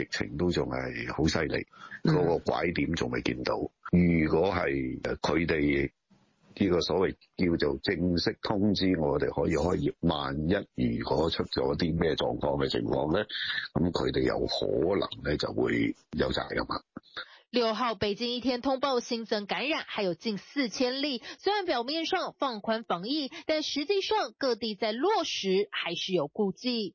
疫情都仲係好犀利，嗰個拐點仲未見到。如果係佢哋呢個所謂叫做正式通知我哋可以開業，萬一如果出咗啲咩狀況嘅情況咧，咁佢哋有可能咧就會有責任嘛。六號北京一天通報，新增感染還有近四千例，雖然表面上放寬防疫，但實際上各地在落實，還是有顧忌。